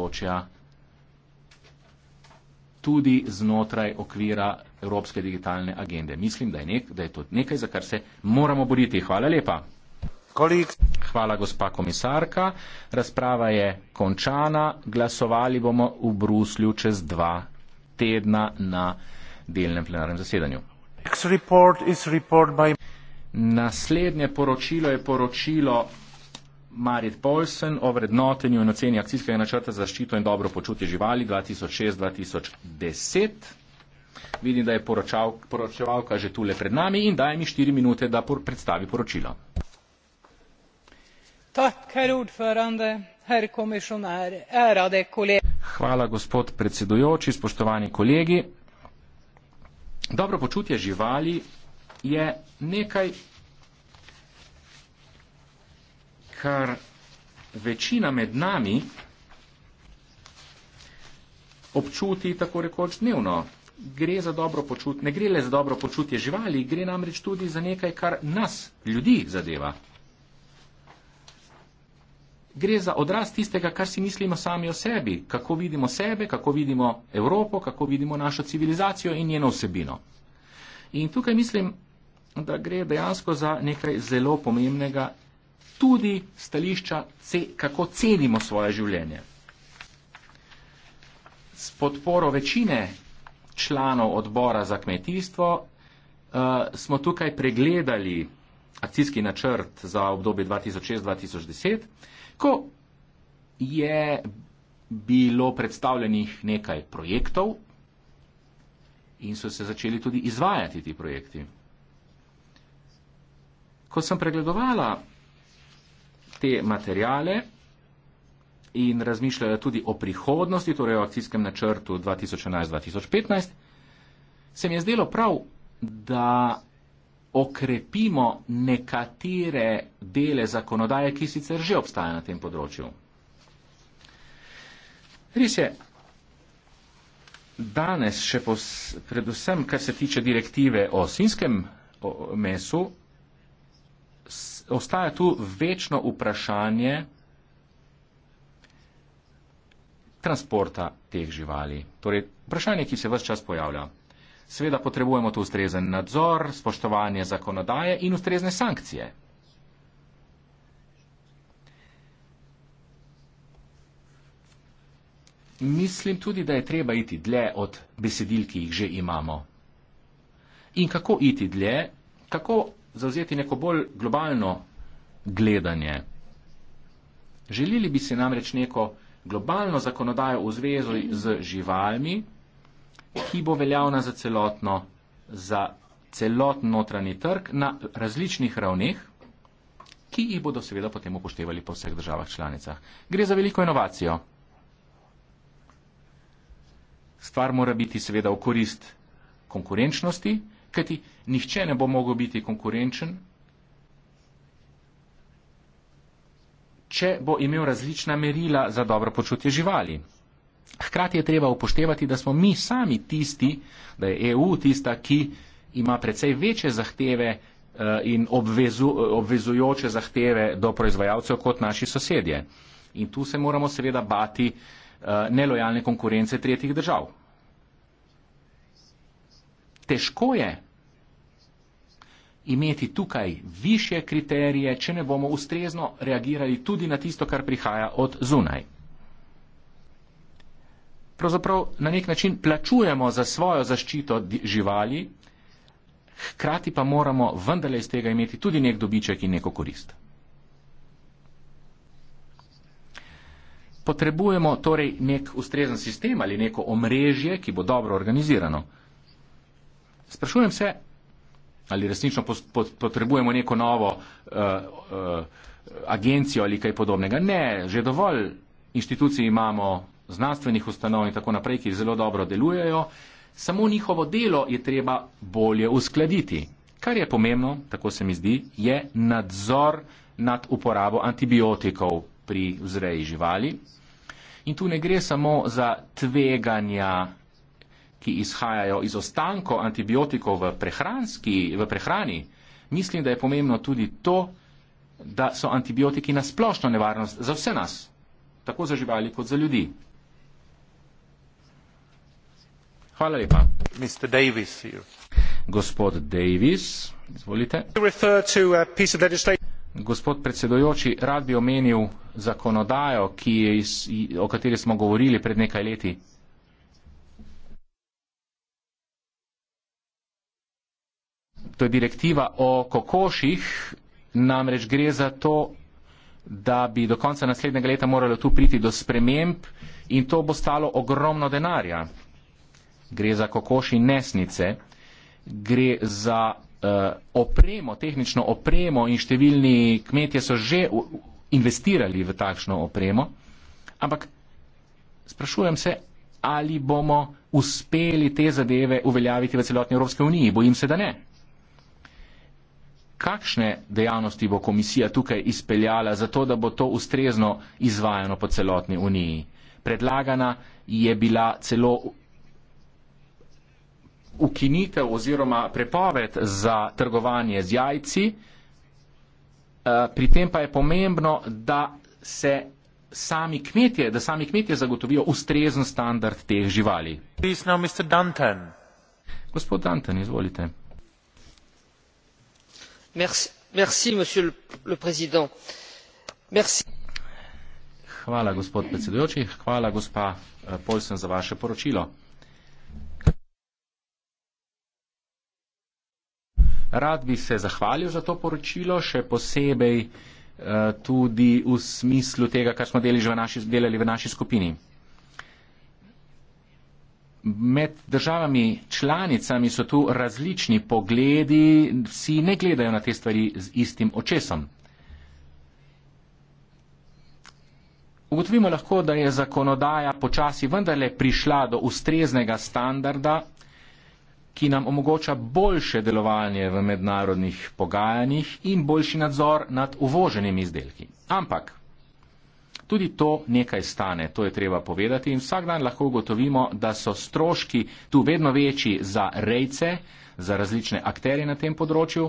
področja tudi znotraj okvira Evropske digitalne agende. Mislim, da je, nek, da je to nekaj, za kar se moramo boriti. Hvala lepa. Kolik. Hvala, gospa komisarka. Razprava je končana. Glasovali bomo v Bruslju čez dva tedna na delnem plenarnem zasedanju. Report report by... Naslednje poročilo je poročilo Marit Polsen o vrednotenju in oceni akcijskega načrta za zaščito in dobro počutje živali 2006-2010. Vidim, da je poročal, poročevalka že tule pred nami in daje mi štiri minute, da por predstavi poročilo. Tak, Hvala, gospod predsedujoči, spoštovani kolegi. Dobro počutje živali je nekaj kar večina med nami občuti tako rekoč dnevno. Gre za dobro počutje, ne gre le za dobro počutje živali, gre namreč tudi za nekaj, kar nas, ljudi, zadeva. Gre za odraz tistega, kar si mislimo sami o sebi, kako vidimo sebe, kako vidimo Evropo, kako vidimo našo civilizacijo in njeno vsebino. In tukaj mislim, da gre dejansko za nekaj zelo pomembnega tudi stališča, kako cenimo svoje življenje. S podporo večine članov odbora za kmetijstvo uh, smo tukaj pregledali akcijski načrt za obdobje 2006-2010, ko je bilo predstavljenih nekaj projektov in so se začeli tudi izvajati ti projekti. Ko sem pregledovala te materijale in razmišljajo tudi o prihodnosti, torej o akcijskem načrtu 2011-2015, se mi je zdelo prav, da okrepimo nekatere dele zakonodaje, ki sicer že obstajajo na tem področju. Res je, danes še pos, predvsem, kar se tiče direktive o svinskem mesu, ostaja tu večno vprašanje transporta teh živali. Torej, vprašanje, ki se vse čas pojavlja. Seveda potrebujemo tu ustrezen nadzor, spoštovanje zakonodaje in ustrezne sankcije. Mislim tudi, da je treba iti dlje od besedil, ki jih že imamo. In kako iti dlje, kako zauzeti neko bolj globalno gledanje. Želeli bi si namreč neko globalno zakonodajo v zvezi z živalmi, ki bo veljavna za, celotno, za celoten notranji trg na različnih ravneh, ki jih bodo seveda potem upoštevali po vseh državah članicah. Gre za veliko inovacijo. Stvar mora biti seveda v korist konkurenčnosti, kajti nihče ne bo mogel biti konkurenčen, če bo imel različna merila za dobro počutje živali. Hkrati je treba upoštevati, da smo mi sami tisti, da je EU tista, ki ima precej večje zahteve eh, in obvezu, obvezujoče zahteve do proizvajalcev kot naši sosedje. In tu se moramo seveda bati eh, nelojalne konkurence tretjih držav težko je imeti tukaj više kriterije, če ne bomo ustrezno reagirali tudi na tisto, kar prihaja od zunaj. Pravzaprav na nek način plačujemo za svojo zaščito živali, hkrati pa moramo vendarle iz tega imeti tudi nek dobiček in neko korist. Potrebujemo torej nek ustrezen sistem ali neko omrežje, ki bo dobro organizirano. Sprašujem se, ali resnično potrebujemo neko novo uh, uh, agencijo ali kaj podobnega. Ne, že dovolj inštitucij imamo, znanstvenih ustanov in tako naprej, ki zelo dobro delujejo, samo njihovo delo je treba bolje uskladiti. Kar je pomembno, tako se mi zdi, je nadzor nad uporabo antibiotikov pri vzreji živali. In tu ne gre samo za tveganja ki izhajajo iz ostankov antibiotikov v, v prehrani, mislim, da je pomembno tudi to, da so antibiotiki nasplošno nevarnost za vse nas, tako za živali kot za ljudi. Hvala lepa. Davis, Gospod Davis, izvolite. Gospod predsedojoči, rad bi omenil zakonodajo, iz, o kateri smo govorili pred nekaj leti. to je direktiva o kokoših, namreč gre za to, da bi do konca naslednjega leta moralo tu priti do sprememb in to bo stalo ogromno denarja. Gre za kokoši nesnice, gre za uh, opremo, tehnično opremo in številni kmetje so že v, investirali v takšno opremo, ampak sprašujem se, ali bomo uspeli te zadeve uveljaviti v celotni Evropske uniji. Bojim se, da ne kakšne dejavnosti bo komisija tukaj izpeljala, zato da bo to ustrezno izvajano po celotni uniji. Predlagana je bila celo ukinitev oziroma prepoved za trgovanje z jajci, eh, pri tem pa je pomembno, da se sami kmetje, da sami kmetje zagotovijo ustrezen standard teh živali. Gospod Danten, izvolite hvala gospod predsedujoči hvala gospa eh, paulsen za vaše poročilo rad bi se zahvalil za to poročilo še posebej eh, tudi v smislu tega kar smo deli že v naši delali v naši skupini Med državami članicami so tu različni pogledi, vsi ne gledajo na te stvari z istim očesom. Ugotovimo lahko, da je zakonodaja počasi vendarle prišla do ustreznega standarda, ki nam omogoča boljše delovanje v mednarodnih pogajanjih in boljši nadzor nad uvoženimi izdelki. Ampak Tudi to nekaj stane, to je treba povedati in vsak dan lahko ugotovimo, da so stroški tu vedno večji za rejce, za različne akterje na tem področju.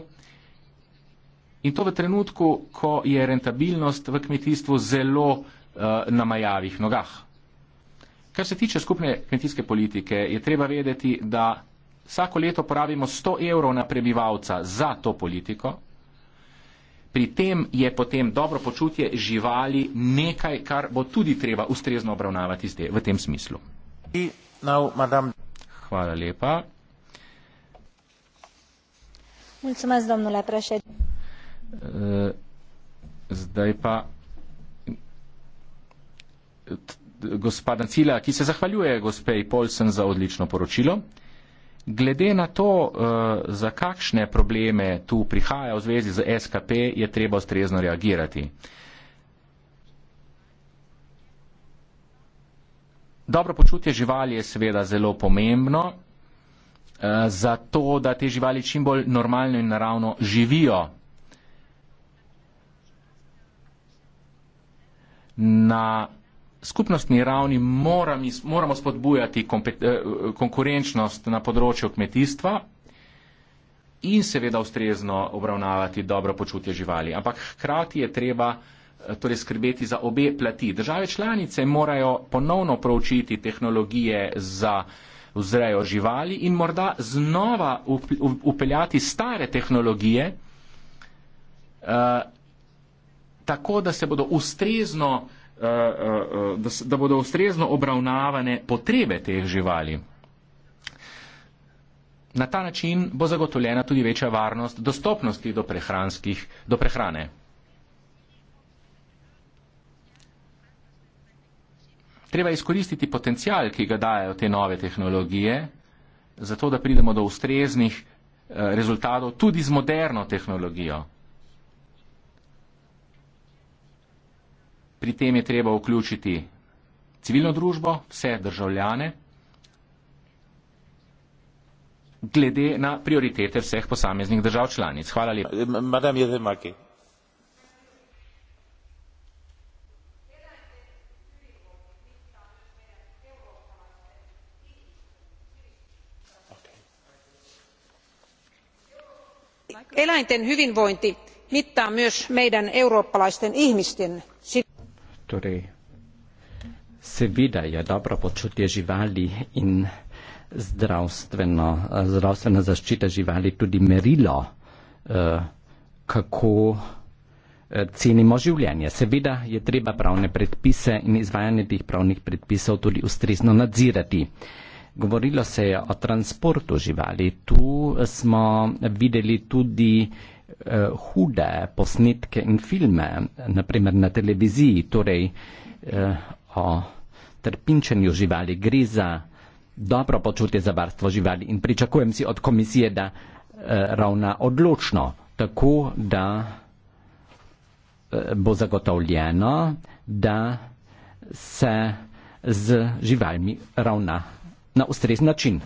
In to v trenutku, ko je rentabilnost v kmetijstvu zelo uh, na majavih nogah. Kar se tiče skupne kmetijske politike, je treba vedeti, da vsako leto porabimo 100 evrov na prebivalca za to politiko, Pri tem je potem dobro počutje živali nekaj, kar bo tudi treba ustrezno obravnavati zdaj v tem smislu. Hvala lepa. Eh, zdaj pa gospod Ancila, ki se zahvaljuje gospej Polsen za odlično poročilo. Glede na to, eh, za kakšne probleme tu prihaja v zvezi z SKP, je treba ustrezno reagirati. Dobro počutje živali je seveda zelo pomembno eh, za to, da te živali čim bolj normalno in naravno živijo. Na skupnostni ravni moramo spodbujati eh, konkurenčnost na področju kmetijstva in seveda ustrezno obravnavati dobro počutje živali. Ampak hkrati je treba eh, torej skrbeti za obe plati. Države članice morajo ponovno proučiti tehnologije za vzrejo živali in morda znova upeljati stare tehnologije, uh, tako da se bodo ustrezno uh, Eh, eh, da, da bodo ustrezno obravnavane potrebe teh živali. Na ta način bo zagotovljena tudi večja varnost dostopnosti do, do prehrane. Treba izkoristiti potencial, ki ga dajo te nove tehnologije, zato da pridemo do ustreznih eh, rezultatov tudi z moderno tehnologijo. Pri tem je treba vključiti civilno družbo, vse državljane, glede na prioritete vseh posameznih držav članic. Hvala lepa. Eh, Eläinten hyvinvointi mittaa myös meidän eurooppalaisten ihmisten Torej, seveda je dobro počutje živali in zdravstveno, zdravstvena zaščita živali tudi merilo, eh, kako eh, cenimo življenje. Seveda je treba pravne predpise in izvajanje teh pravnih predpisov tudi ustrezno nadzirati. Govorilo se je o transportu živali. Tu smo videli tudi uh, hude posnetke in filme, naprimer na televiziji, torej uh, o trpinčenju živali, griza, dobro počutje za varstvo živali in pričakujem si od komisije, da uh, ravna odločno, tako da uh, bo zagotovljeno, da se z živalmi ravna na ustrezni način.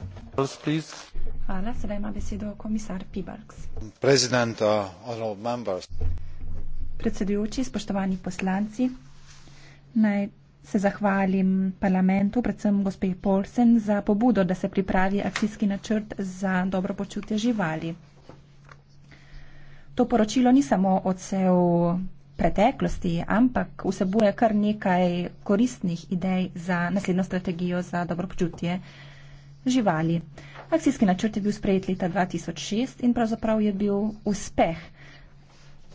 Please. Uh, Predsedujoči, spoštovani poslanci, naj se zahvalim parlamentu, predvsem gospe Polsen, za pobudo, da se pripravi akcijski načrt za dobro počutje živali. To poročilo ni samo odsev preteklosti, ampak vsebuje kar nekaj koristnih idej za naslednjo strategijo za dobro počutje živali. Akcijski načrt je bil sprejet leta 2006 in pravzaprav je bil uspeh.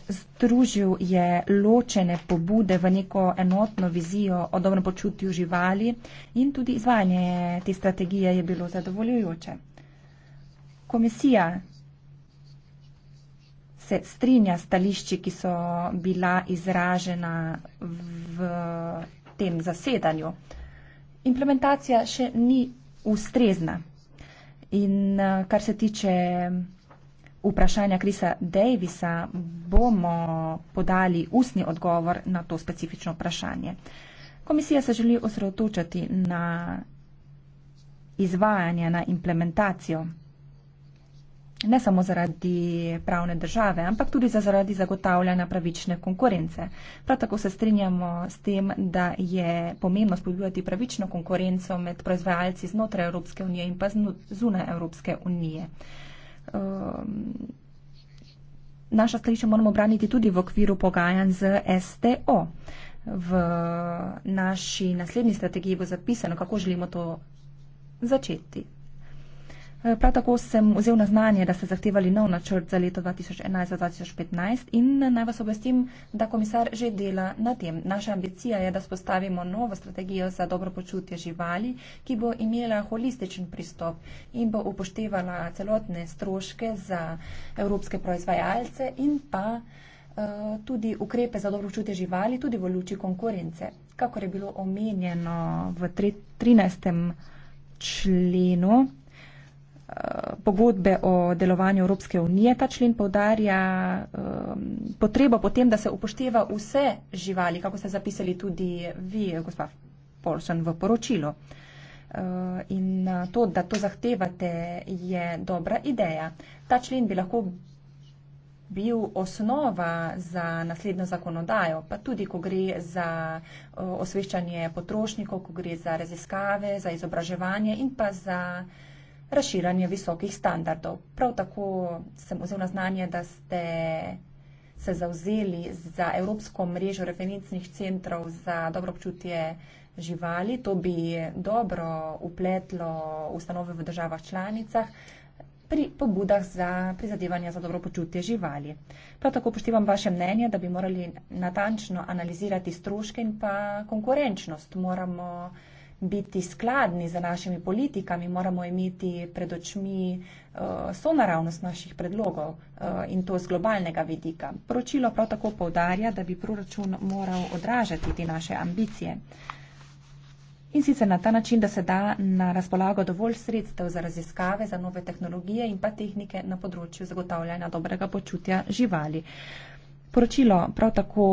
Združil je ločene pobude v neko enotno vizijo o dobrem počutju živali in tudi izvajanje te strategije je bilo zadovoljujoče. Komisija se strinja stališči, ki so bila izražena v tem zasedanju. Implementacija še ni ustrezna. In eh, kar se tiče vprašanja Krisa Davisa, bomo podali ustni odgovor na to specifično vprašanje. Komisija se želi osredotočati na izvajanje, na implementacijo ne samo zaradi pravne države, ampak tudi zaradi zagotavljanja pravične konkurence. Prav tako se strinjamo s tem, da je pomembno spodbujati pravično konkurenco med proizvajalci znotraj Evropske unije in pa zunaj Evropske unije. Um, naša stališča moramo braniti tudi v okviru pogajanj z STO. V naši naslednji strategiji bo zapisano, kako želimo to začeti. Prav tako sem vzel na znanje, da ste zahtevali nov načrt za leto 2011-2015 in eh, naj vas obvestim, da komisar že dela na tem. Naša ambicija je, da spostavimo novo strategijo za dobro počutje živali, ki bo imela holističen pristop in bo upoštevala celotne stroške za evropske proizvajalce in pa eh, tudi ukrepe za dobro čute živali, tudi v luči konkurence. Kakor je bilo omenjeno v 13. členu Eh, pogodbe o delovanju Evropske unije. Ta člen povdarja um, ehm, potrebo potem, da se upošteva vse živali, kako ste zapisali tudi vi, gospa Polson, v poročilu. Uh, in eh, to, da to zahtevate, je dobra ideja. Ta člen bi lahko bil osnova za naslednjo zakonodajo, pa tudi, ko gre za osveščanje potrošnikov, ko gre za raziskave, za izobraževanje in pa za uh, razširanje visokih standardov. Prav tako sem vzel na znanje, da ste se zauzeli za Evropsko mrežo referencnih centrov za dobro občutje živali. To bi dobro upletlo ustanove v državah članicah pri pobudah za prizadevanja za dobro počutje živali. Prav tako poštivam vaše mnenje, da bi morali natančno analizirati stroške in pa konkurenčnost. Moramo biti skladni z našimi politikami, moramo imeti pred očmi uh, sonaravnost naših predlogov uh, in to z globalnega vidika. Poročilo prav tako povdarja, da bi proračun moral odražati te naše ambicije. In sicer na ta način, da se da na razpolago dovolj sredstev za raziskave, za nove tehnologije in pa tehnike na področju zagotavljanja dobrega počutja živali. Poročilo prav tako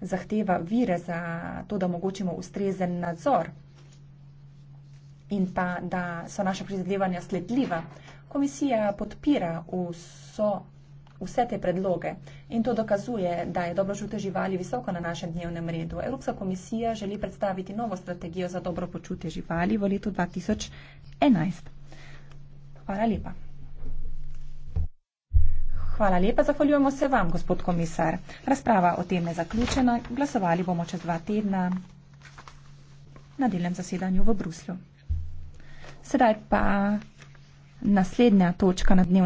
zahteva vire za to, da omogočimo ustrezen nadzor in pa, da so naše prizadevanja sledljiva. Komisija podpira vso, vse te predloge in to dokazuje, da je dobro počutje živali visoko na našem dnevnem redu. Evropska komisija želi predstaviti novo strategijo za dobro počutje živali v letu 2011. Hvala lepa. Hvala lepa, zahvaljujemo se vam, gospod komisar. Razprava o tem je zaključena, glasovali bomo čez dva tedna na delnem zasedanju v Bruslju. Sedaj pa naslednja točka na dnevnem.